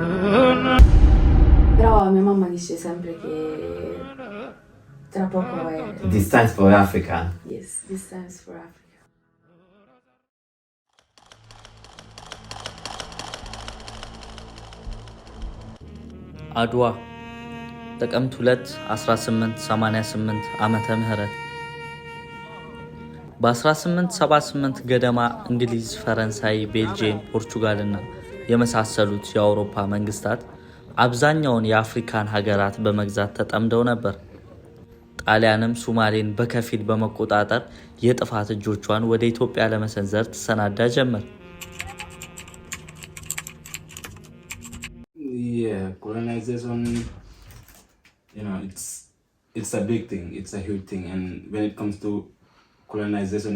Però mia mamma dice sempre che tra poco è... This time for Africa. Yes, this time for Africa. አድዋ ጥቅምት 2 1888 ዓመተ ምህረት በ1878 ገደማ እንግሊዝ፣ ፈረንሳይ፣ ቤልጅየም፣ ፖርቹጋልና የመሳሰሉት የአውሮፓ መንግስታት አብዛኛውን የአፍሪካን ሀገራት በመግዛት ተጠምደው ነበር። ጣሊያንም ሱማሌን በከፊል በመቆጣጠር የጥፋት እጆቿን ወደ ኢትዮጵያ ለመሰንዘር ትሰናዳ ጀመር። ኮሎናይዜሽን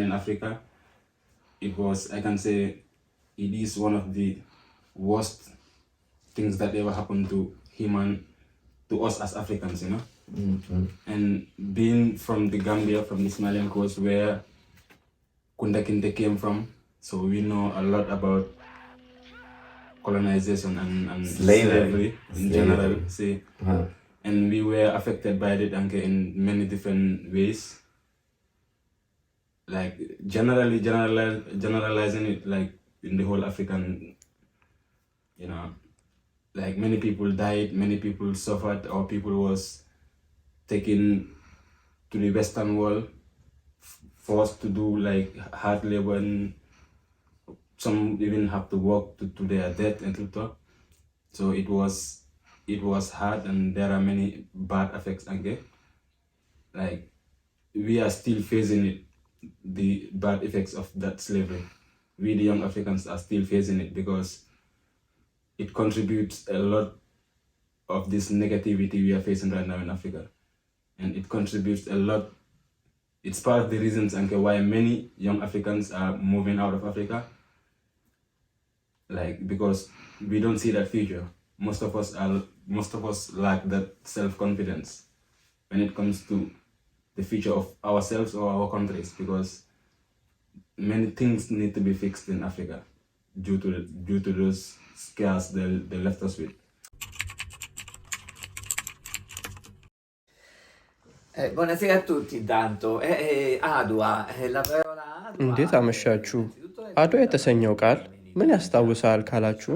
ኢን አፍሪካ worst things that ever happened to human to us as Africans, you know. Mm-hmm. And being from the Gambia, from the Somalian coast, where Kunda Kinte came from, so we know a lot about colonization and, and slavery. slavery in slavery. general. See, huh and we were affected by it anke in many different ways. Like generally, general, generalizing it like in the whole African you know like many people died many people suffered or people was taken to the western world forced to do like hard labor and some even have to walk to, to their death and to so it was it was hard and there are many bad effects again like we are still facing it the bad effects of that slavery we the young africans are still facing it because it contributes a lot of this negativity we are facing right now in Africa. And it contributes a lot. It's part of the reasons and why many young Africans are moving out of Africa. Like because we don't see that future. Most of us are most of us lack that self-confidence when it comes to the future of ourselves or our countries because many things need to be fixed in Africa due to the, due to those gas they, they left us with. Eh, buonasera a tutti intanto. Eh, eh, adua, eh, la parola adua. Eh, እንዴት አመሻችሁ። አድዋ የተሰኘው ቃል ምን ያስታውሳል ካላችሁ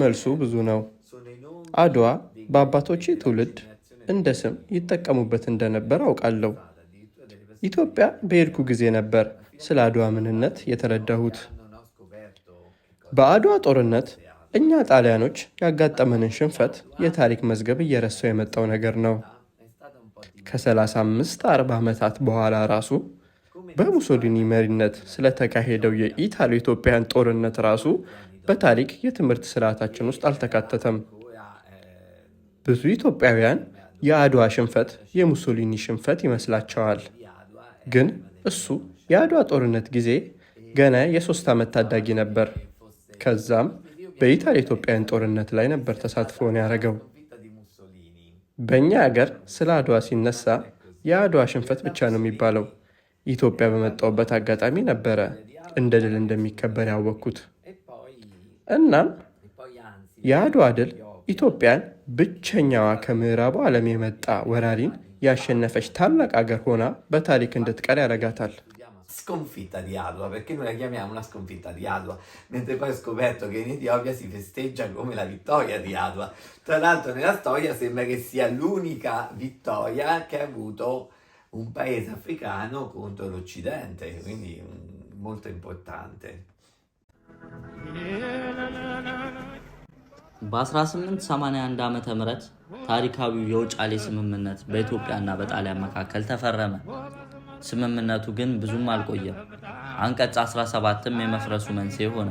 መልሱ ብዙ ነው። አድዋ በአባቶቼ ትውልድ እንደ ስም ይጠቀሙበት እንደነበር አውቃለሁ። ኢትዮጵያ በሄድኩ ጊዜ ነበር ስለ አድዋ ምንነት የተረዳሁት። በአድዋ ጦርነት እኛ ጣሊያኖች ያጋጠመንን ሽንፈት የታሪክ መዝገብ እየረሳው የመጣው ነገር ነው። ከ35 40 ዓመታት በኋላ ራሱ በሙሶሊኒ መሪነት ስለተካሄደው የኢታሊ ኢትዮጵያን ጦርነት ራሱ በታሪክ የትምህርት ስርዓታችን ውስጥ አልተካተተም። ብዙ ኢትዮጵያውያን የአድዋ ሽንፈት የሙሶሊኒ ሽንፈት ይመስላቸዋል። ግን እሱ የአድዋ ጦርነት ጊዜ ገና የሶስት ዓመት ታዳጊ ነበር። ከዛም በኢታል ኢትዮጵያን ጦርነት ላይ ነበር ተሳትፎውን ያደረገው። በእኛ ሀገር ስለ አድዋ ሲነሳ የአድዋ ሽንፈት ብቻ ነው የሚባለው። ኢትዮጵያ በመጣውበት አጋጣሚ ነበረ እንደ ድል እንደሚከበር ያወቅኩት። እናም የአድዋ ድል ኢትዮጵያን ብቸኛዋ ከምዕራቡ ዓለም የመጣ ወራሪን ያሸነፈች ታላቅ አገር ሆና በታሪክ እንድትቀር ያደርጋታል። sconfitta di Adwa, perché noi la chiamiamo una sconfitta di Adwa, mentre poi ho scoperto che in Etiopia si festeggia come la vittoria di Adwa. Tra l'altro nella storia sembra che sia l'unica vittoria che ha avuto un paese africano contro l'Occidente, quindi mm, molto importante. በ1881 ዓ ም ታሪካዊው የውጫሌ ስምምነት በኢትዮጵያና በጣሊያን መካከል ተፈረመ። ስምምነቱ ግን ብዙም አልቆየም። አንቀጽ 17ም የመፍረሱ መንስኤ ሆነ።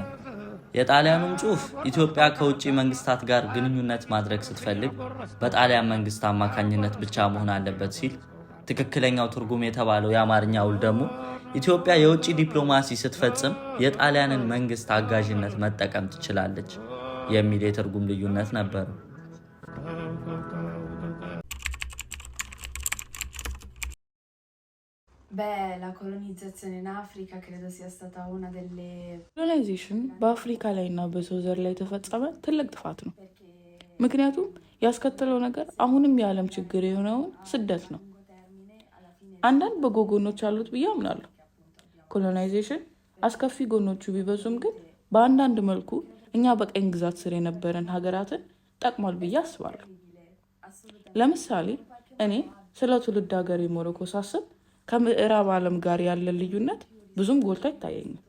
የጣሊያኑም ጽሑፍ ኢትዮጵያ ከውጭ መንግስታት ጋር ግንኙነት ማድረግ ስትፈልግ በጣሊያን መንግስት አማካኝነት ብቻ መሆን አለበት ሲል፣ ትክክለኛው ትርጉም የተባለው የአማርኛ ውል ደግሞ ኢትዮጵያ የውጭ ዲፕሎማሲ ስትፈጽም የጣሊያንን መንግስት አጋዥነት መጠቀም ትችላለች የሚል የትርጉም ልዩነት ነበር። Beh, la colonizzazione in Africa credo sia stata una delle... ኮሎናይዜሽን በአፍሪካ ላይና በሰው ዘር ላይ የተፈጸመ ትልቅ ጥፋት ነው። ምክንያቱም ያስከተለው ነገር አሁንም የዓለም ችግር የሆነውን ስደት ነው። አንዳንድ በጎ ጎኖች አሉት ብዬ አምናለሁ። ኮሎናይዜሽን አስከፊ ጎኖቹ ቢበዙም ግን በአንዳንድ መልኩ እኛ በቀኝ ግዛት ስር የነበረን ሀገራትን ጠቅሟል ብዬ አስባለሁ። ለምሳሌ እኔ ስለ ትውልድ ሀገር የሞሮኮ ሳስብ ከምዕራብ ዓለም ጋር ያለ ልዩነት ብዙም ጎልቶ አይታየኝም።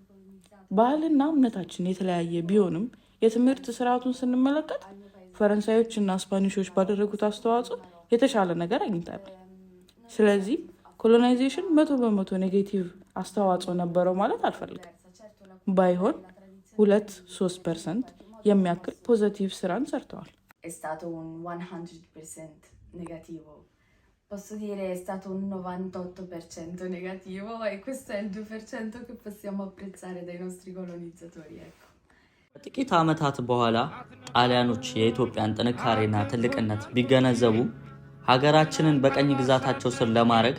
ባህልና እምነታችን የተለያየ ቢሆንም የትምህርት ስርዓቱን ስንመለከት ፈረንሳዮች እና ስፓኒሾች ባደረጉት አስተዋጽኦ የተሻለ ነገር አግኝተናል። ስለዚህ ኮሎናይዜሽን መቶ በመቶ ኔጌቲቭ አስተዋጽኦ ነበረው ማለት አልፈልግም። ባይሆን ሁለት ሶስት ፐርሰንት የሚያክል ፖዘቲቭ ስራን ሰርተዋል። posso dire è stato un 98% negativo e questo è il 2% che possiamo apprezzare dai nostri colonizzatori. Ecco. ጥቂት ዓመታት በኋላ ጣሊያኖች የኢትዮጵያን ጥንካሬና ትልቅነት ቢገነዘቡ ሀገራችንን በቀኝ ግዛታቸው ስር ለማድረግ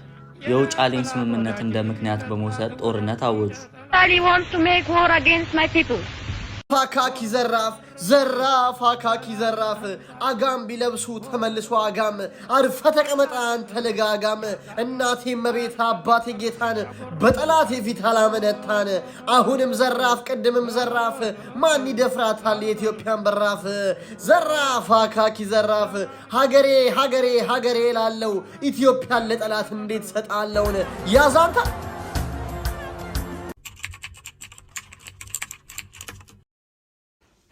የውጫሌን ስምምነት እንደ ምክንያት በመውሰድ ጦርነት አወጁ። ፋካኪ ዘራፍ ዘራፍ ፋካኪ ዘራፍ አጋም ቢለብሱ ተመልሶ አጋም አርፈ ለጋ አጋም እናቴ መቤት አባቴ ጌታን በጠላት የፊት አላመነታን አሁንም ዘራፍ ቅድምም ዘራፍ ማን ይደፍራታል የኢትዮጵያን በራፍ ዘራፍ ፋካኪ ዘራፍ ሀገሬ ሀገሬ ሀገሬ ላለው ኢትዮጵያን ለጠላት እንዴት ሰጣለውን ያዛንታ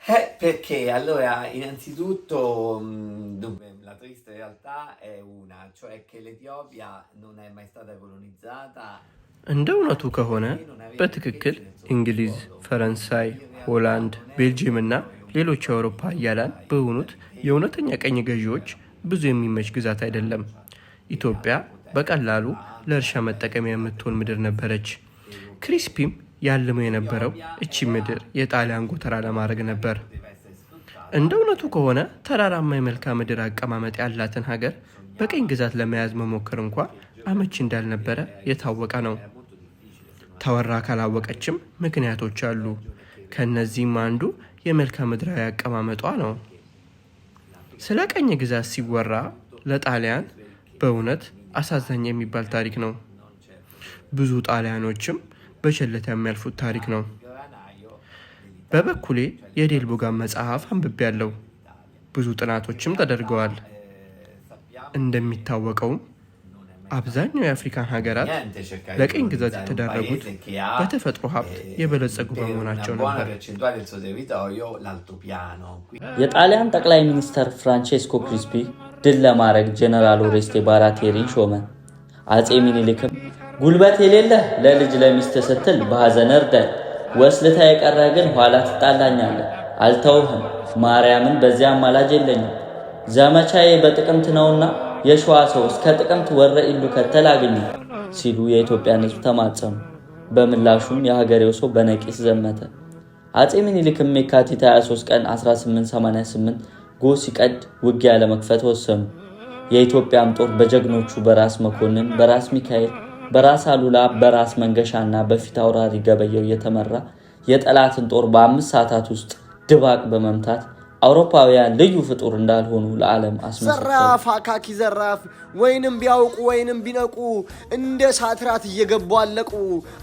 Eh, perché allora, innanzitutto, mm, dunque, la triste realtà è una, cioè che l'Etiopia non è mai stata colonizzata. እንደ ከሆነ በትክክል እንግሊዝ፣ ፈረንሳይ፣ ሆላንድ፣ ቤልጂየም እና ሌሎች የአውሮፓ ሀያላን በሆኑት የእውነተኛ ቀኝ ገዢዎች ብዙ የሚመች ግዛት አይደለም። ኢትዮጵያ በቀላሉ ለእርሻ መጠቀሚያ የምትሆን ምድር ነበረች። ክሪስፒም ያልመው የነበረው እቺ ምድር የጣሊያን ጎተራ ለማድረግ ነበር። እንደ እውነቱ ከሆነ ተራራማ የመልክዓ ምድር አቀማመጥ ያላትን ሀገር በቀኝ ግዛት ለመያዝ መሞከር እንኳ አመቺ እንዳልነበረ የታወቀ ነው። ተወራ ካላወቀችም ምክንያቶች አሉ። ከእነዚህም አንዱ የመልክዓ ምድራዊ አቀማመጧ ነው። ስለ ቀኝ ግዛት ሲወራ ለጣሊያን በእውነት አሳዛኝ የሚባል ታሪክ ነው። ብዙ ጣሊያኖችም በቸልታ የሚያልፉት ታሪክ ነው። በበኩሌ የዴል ቦጋን መጽሐፍ ያለው ብዙ ጥናቶችም ተደርገዋል። እንደሚታወቀውም አብዛኛው የአፍሪካን ሀገራት ለቅኝ ግዛት የተዳረጉት በተፈጥሮ ሀብት የበለጸጉ በመሆናቸው ነበር። የጣሊያን ጠቅላይ ሚኒስተር ፍራንቼስኮ ክሪስፒ ድል ለማድረግ ጀነራል ኦሬስቴ ባራቴሪን ሾመ። አጼ ሚኒሊክም ጉልበት የሌለህ ለልጅ ለሚስት ስትል በሐዘን እርዳኝ። ወስልታ የቀረ ግን ኋላ ትጣላኛለህ። አልተውህም፣ ማርያምን በዚያ አማላጅ የለኝም። ዘመቻዬ በጥቅምት ነውና የሸዋ ሰው እስከ ጥቅምት ወረ ኢሉ ከተል አግኘ ሲሉ የኢትዮጵያን ሕዝብ ተማጸኑ። በምላሹም የሀገሬው ሰው በነቂስ ዘመተ። አፄ ምኒልክም የካቲት 23 ቀን 1888 ጎህ ሲቀድ ውጊያ ለመክፈት ወሰኑ። የኢትዮጵያም ጦር በጀግኖቹ በራስ መኮንን፣ በራስ ሚካኤል በራስ አሉላ በራስ መንገሻና በፊት አውራሪ ገበየው የተመራ የጠላትን ጦር በአምስት ሰዓታት ውስጥ ድባቅ በመምታት አውሮፓውያን ልዩ ፍጡር እንዳልሆኑ ለዓለም አስዘራፍ አካኪ ዘራፍ ወይንም ቢያውቁ ወይንም ቢነቁ እንደ ሳትራት እየገቡ አለቁ።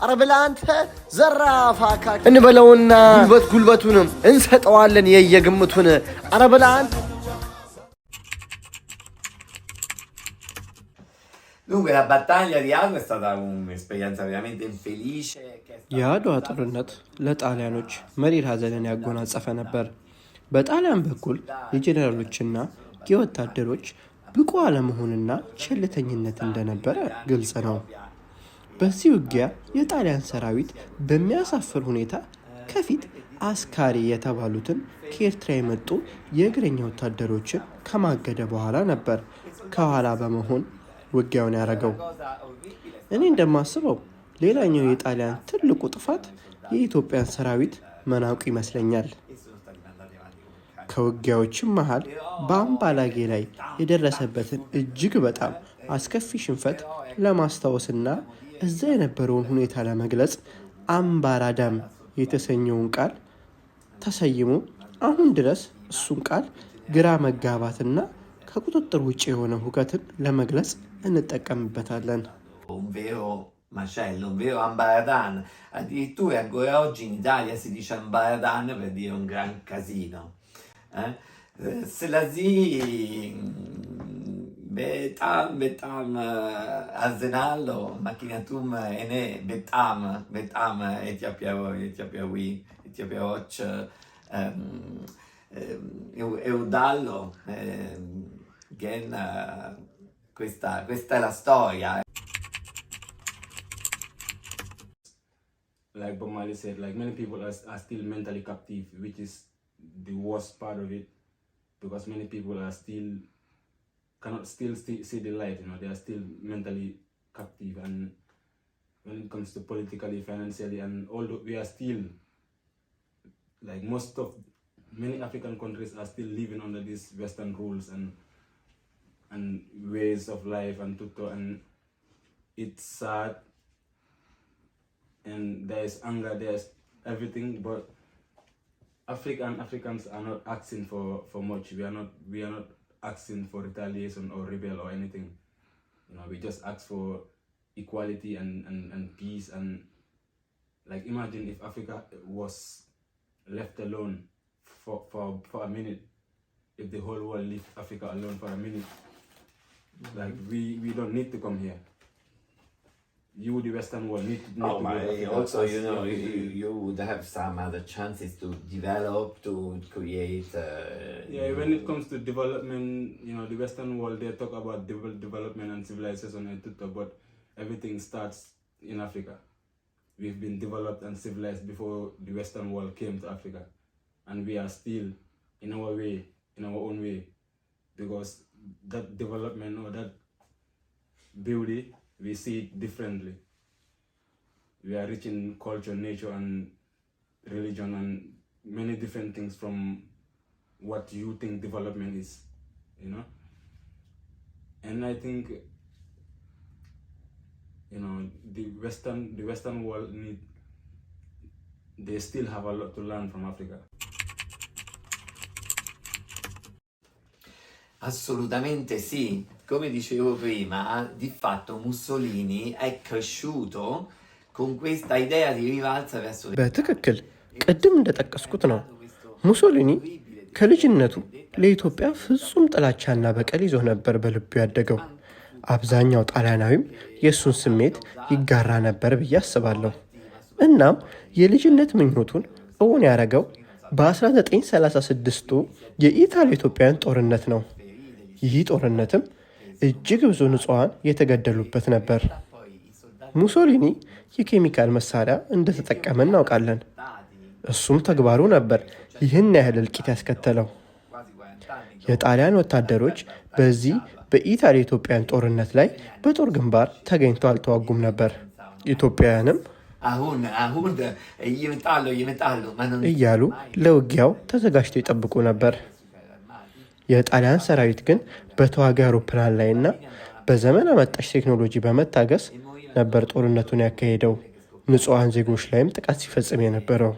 አረ ብለህ አንተ ዘራፍ አካኪ እንበለውና ጉልበት ጉልበቱንም እንሰጠዋለን የየግምቱን አረ ብለህ አንተ Dunque la battaglia di Adria è stata un'esperienza veramente infelice. የአድዋ ጦርነት ለጣሊያኖች መሪር ሀዘንን ያጎናጸፈ ነበር። በጣሊያን በኩል የጄኔራሎችና የወታደሮች ብቁ አለመሆንና ቸልተኝነት እንደነበረ ግልጽ ነው። በዚህ ውጊያ የጣሊያን ሰራዊት በሚያሳፍር ሁኔታ ከፊት አስካሪ የተባሉትን ከኤርትራ የመጡ የእግረኛ ወታደሮችን ከማገደ በኋላ ነበር ከኋላ በመሆን ውጊያውን ያደረገው። እኔ እንደማስበው ሌላኛው የጣሊያን ትልቁ ጥፋት የኢትዮጵያን ሰራዊት መናቁ ይመስለኛል። ከውጊያዎችም መሃል በአምባላጌ ላይ የደረሰበትን እጅግ በጣም አስከፊ ሽንፈት ለማስታወስና እዛ የነበረውን ሁኔታ ለመግለጽ አምባራዳም የተሰኘውን ቃል ተሰይሞ አሁን ድረስ እሱን ቃል ግራ መጋባትና ከቁጥጥር ውጭ የሆነ ሁከትን ለመግለጽ እንጠቀምበታለን። ስለዚህ በጣም በጣም አዝናለሁ። ምክንያቱም እኔ በጣም በጣም ኢትዮጵያዊ ኢትዮጵያዎች እወዳለሁ። Again, uh, eh, questa, questa è la storia. Eh. Like Bob Marley said, like many people are, are still mentally captive, which is the worst part of it, because many people are still cannot still see, see the light. You know, they are still mentally captive, and when it comes to politically, financially, and although we are still like most of many African countries are still living under these Western rules and and ways of life and tuto and it's sad and there's anger, there's everything, but African Africans are not asking for, for much. We are not we are not asking for retaliation or rebel or anything. You know, we just ask for equality and, and, and peace and like imagine if Africa was left alone for, for for a minute, if the whole world left Africa alone for a minute. Like we, we don't need to come here. You, the Western world, need, need oh to my, go Also, you know, you, you would have some other chances to develop, to create. Uh, yeah, when it comes to development, you know, the Western world, they talk about de development and civilization and tutto, but everything starts in Africa. We've been developed and civilized before the Western world came to Africa. And we are still, in our way, in our own way, because that development or that beauty we see it differently we are rich in culture nature and religion and many different things from what you think development is you know and i think you know the western the western world need they still have a lot to learn from africa Assolutamente sì. Come dicevo prima, di fatto Mussolini è cresciuto con questa idea di rivalsa verso በትክክል ቅድም እንደጠቀስኩት ነው። ሙሶሊኒ ከልጅነቱ ለኢትዮጵያ ፍጹም ጥላቻና በቀል ይዞ ነበር በልቡ ያደገው። አብዛኛው ጣሊያናዊም የእሱን ስሜት ይጋራ ነበር ብዬ አስባለሁ። እናም የልጅነት ምኞቱን እውን ያደረገው በ1936ቱ የኢታሊያ ኢትዮጵያውያን ጦርነት ነው። ይህ ጦርነትም እጅግ ብዙ ንጹሐን የተገደሉበት ነበር። ሙሶሊኒ የኬሚካል መሳሪያ እንደተጠቀመ እናውቃለን። እሱም ተግባሩ ነበር ይህን ያህል እልቂት ያስከተለው። የጣሊያን ወታደሮች በዚህ በኢታሊ ኢትዮጵያን ጦርነት ላይ በጦር ግንባር ተገኝተው አልተዋጉም ነበር። ኢትዮጵያውያንም አሁን አሁን እያሉ ለውጊያው ተዘጋጅተው ይጠብቁ ነበር። የጣሊያን ሰራዊት ግን በተዋጊ አውሮፕላን ላይና በዘመን አመጣሽ ቴክኖሎጂ በመታገስ ነበር ጦርነቱን ያካሄደው። ንጹሐን ዜጎች ላይም ጥቃት ሲፈጽም የነበረው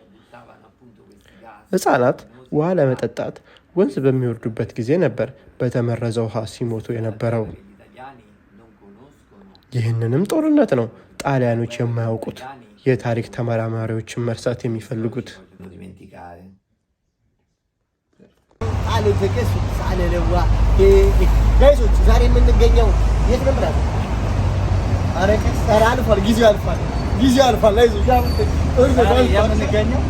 ህጻናት ውሃ ለመጠጣት ወንዝ በሚወርዱበት ጊዜ ነበር በተመረዘ ውሃ ሲሞቱ የነበረው። ይህንንም ጦርነት ነው ጣሊያኖች የማያውቁት የታሪክ ተመራማሪዎችን መርሳት የሚፈልጉት። ሳለ ተቀስ ሳለ ለዋ ጋይሶች ዛሬ የምንገኘው የት አልፏል፣ ጊዜው አልፏል፣ ጊዜው አልፏል። የምንገኘው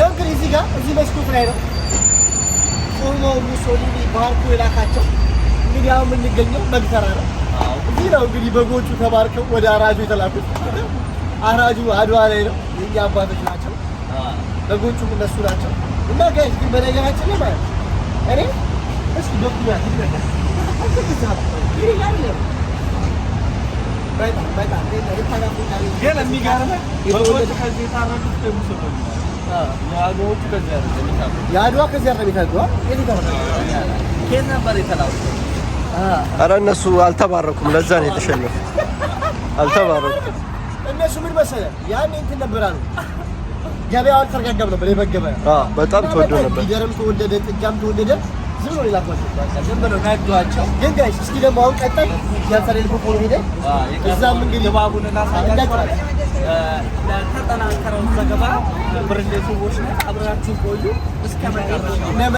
ያው እንግዲህ እዚህ ጋር እዚህ መስኮት ላይ ነው። ሙሶሊኒ ባርኩ የላካቸው እንግዲህ አሁን የምንገኘው መግተራ ነው። እዚህ ነው እንግዲህ በጎቹ ተባርከው ወደ አራጁ የተላኩት። አራጁ አድዋ ላይ ነው። አባቶች ናቸው። በጎቹም እነሱ ናቸው። እና ጋይስ ግን በነገራችን ላይ ማለት እኔ እስኪ ዶክተር ግን እነሱ አልተባረኩም። ለዛ ነው የተሸነፉት። አልተባረኩም። እነሱ ምን መሰለህ ያኔ እንትን ነበር አሉ ገበያ አልተረጋጋም ነበር። የበግ ገበያ በጣም ተወዶ ነበር። ሊደርም ተወደደ፣ ጥጃም ተወደደ። ዝም ብሎ ይላኳቸው ነዷቸው። ግን ጋይስ እስኪ ደግሞ አሁን ቀጣይ ያንሰሬል ፎፎን ሄደ እዛም እንግዲህ ባቡን እናሳያቸዋል። ለተጠናከረው ዘገባ ብርሌ ሰዎች ነ አብራችሁ ቆዩ እስከ መጨረሻው።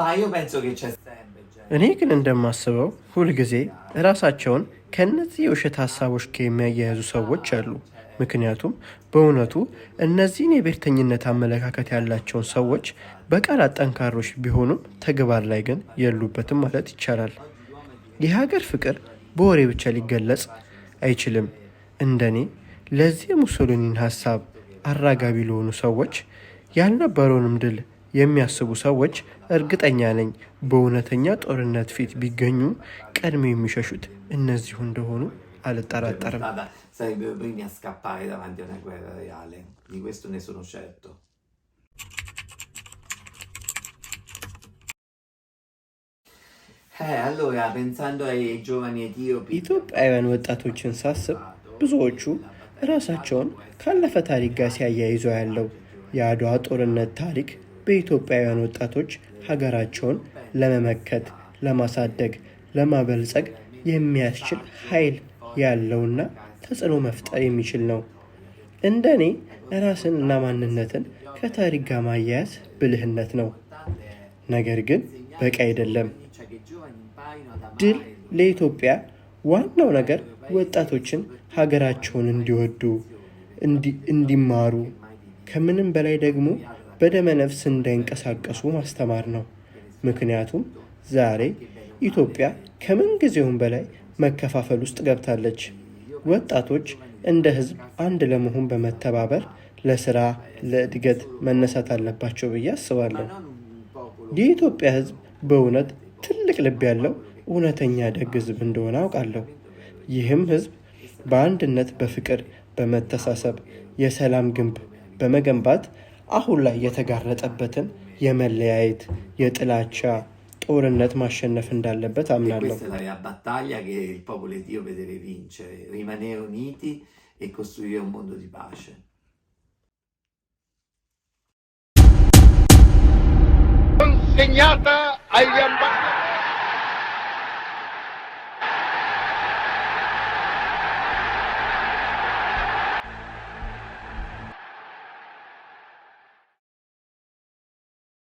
Mario penso che c'è sempre እኔ ግን እንደማስበው ሁልጊዜ ራሳቸውን ከእነዚህ የውሸት ሀሳቦች የሚያያያዙ ሰዎች አሉ። ምክንያቱም በእውነቱ እነዚህን የብሔርተኝነት አመለካከት ያላቸውን ሰዎች በቃላት ጠንካሮች ቢሆኑም ተግባር ላይ ግን የሉበትም ማለት ይቻላል። የሀገር ፍቅር በወሬ ብቻ ሊገለጽ አይችልም። እንደኔ ለዚህ የሙሶሊኒን ሀሳብ አራጋቢ ለሆኑ ሰዎች ያልነበረውንም ድል የሚያስቡ ሰዎች እርግጠኛ ነኝ በእውነተኛ ጦርነት ፊት ቢገኙ ቀድሞ የሚሸሹት እነዚሁ እንደሆኑ አልጠራጠርም። ኢትዮጵያውያን ወጣቶችን ሳስብ ብዙዎቹ ራሳቸውን ካለፈ ታሪክ ጋር ሲያያይዘው ያለው የአድዋ ጦርነት ታሪክ በኢትዮጵያውያን ወጣቶች ሀገራቸውን ለመመከት፣ ለማሳደግ፣ ለማበልጸግ የሚያስችል ኃይል ያለውና ተጽዕኖ መፍጠር የሚችል ነው። እንደ እኔ ራስን እና ማንነትን ከታሪክ ጋር ማያያዝ ብልህነት ነው። ነገር ግን በቂ አይደለም። ድል ለኢትዮጵያ ዋናው ነገር ወጣቶችን ሀገራቸውን እንዲወዱ፣ እንዲማሩ ከምንም በላይ ደግሞ በደመ ነፍስ እንዳይንቀሳቀሱ ማስተማር ነው። ምክንያቱም ዛሬ ኢትዮጵያ ከምን ጊዜውም በላይ መከፋፈል ውስጥ ገብታለች። ወጣቶች እንደ ሕዝብ አንድ ለመሆን በመተባበር ለስራ፣ ለእድገት መነሳት አለባቸው ብዬ አስባለሁ። የኢትዮጵያ ሕዝብ በእውነት ትልቅ ልብ ያለው እውነተኛ ደግ ሕዝብ እንደሆነ አውቃለሁ። ይህም ሕዝብ በአንድነት፣ በፍቅር፣ በመተሳሰብ የሰላም ግንብ በመገንባት አሁን ላይ የተጋረጠበትን የመለያየት፣ የጥላቻ ጦርነት ማሸነፍ እንዳለበት አምናለሁ። e e Consegnata agli ambasciatori.